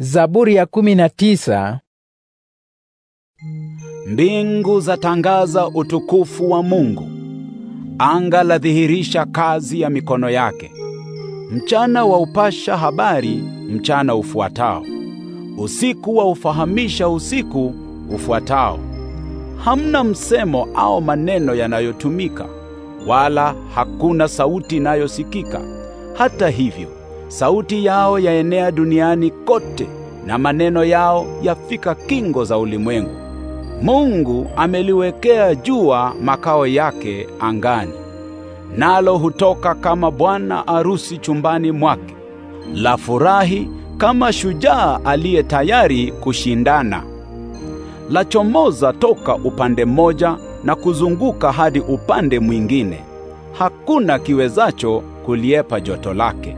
Zaburi ya kumi na tisa. Mbingu zatangaza utukufu wa Mungu, anga ladhihirisha kazi ya mikono yake. Mchana wa upasha habari mchana ufuatao, usiku wa ufahamisha usiku ufuatao. Hamna msemo au maneno yanayotumika, wala hakuna sauti inayosikika. Hata hivyo Sauti yao yaenea duniani kote na maneno yao yafika kingo za ulimwengu. Mungu ameliwekea jua makao yake angani, nalo hutoka kama bwana arusi chumbani mwake, la furahi kama shujaa aliye tayari kushindana. Lachomoza toka upande mmoja na kuzunguka hadi upande mwingine, hakuna kiwezacho kuliepa joto lake.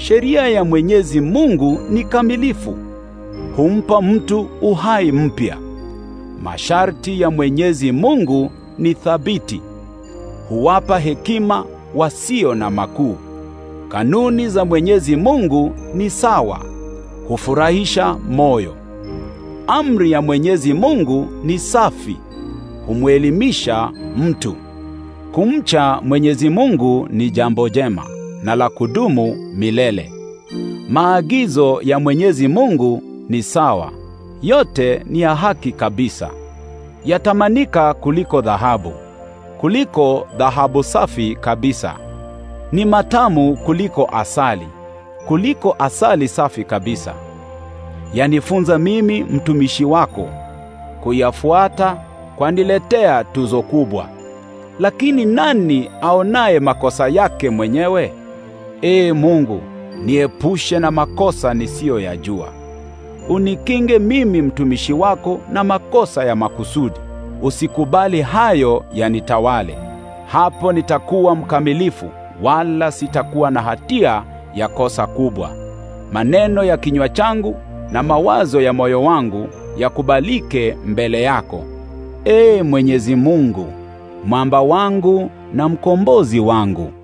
Sheria ya Mwenyezi Mungu ni kamilifu, humpa mtu uhai mpya. Masharti ya Mwenyezi Mungu ni thabiti, huwapa hekima wasio na makuu. Kanuni za Mwenyezi Mungu ni sawa, hufurahisha moyo. Amri ya Mwenyezi Mungu ni safi, humwelimisha mtu. Kumcha Mwenyezi Mungu ni jambo jema na la kudumu milele. Maagizo ya Mwenyezi Mungu ni sawa, yote ni ya haki kabisa. Yatamanika kuliko dhahabu, kuliko dhahabu safi kabisa. Ni matamu kuliko asali, kuliko asali safi kabisa. Yanifunza mimi mtumishi wako kuyafuata, kwaniletea tuzo kubwa. Lakini nani aonaye makosa yake mwenyewe? Ee Mungu, niepushe na makosa nisiyoyajua. Unikinge mimi mtumishi wako na makosa ya makusudi. Usikubali hayo yanitawale. Hapo nitakuwa mkamilifu wala sitakuwa na hatia ya kosa kubwa. Maneno ya kinywa changu na mawazo ya moyo wangu yakubalike mbele yako. Ee Mwenyezi Mungu, mwamba wangu na mkombozi wangu.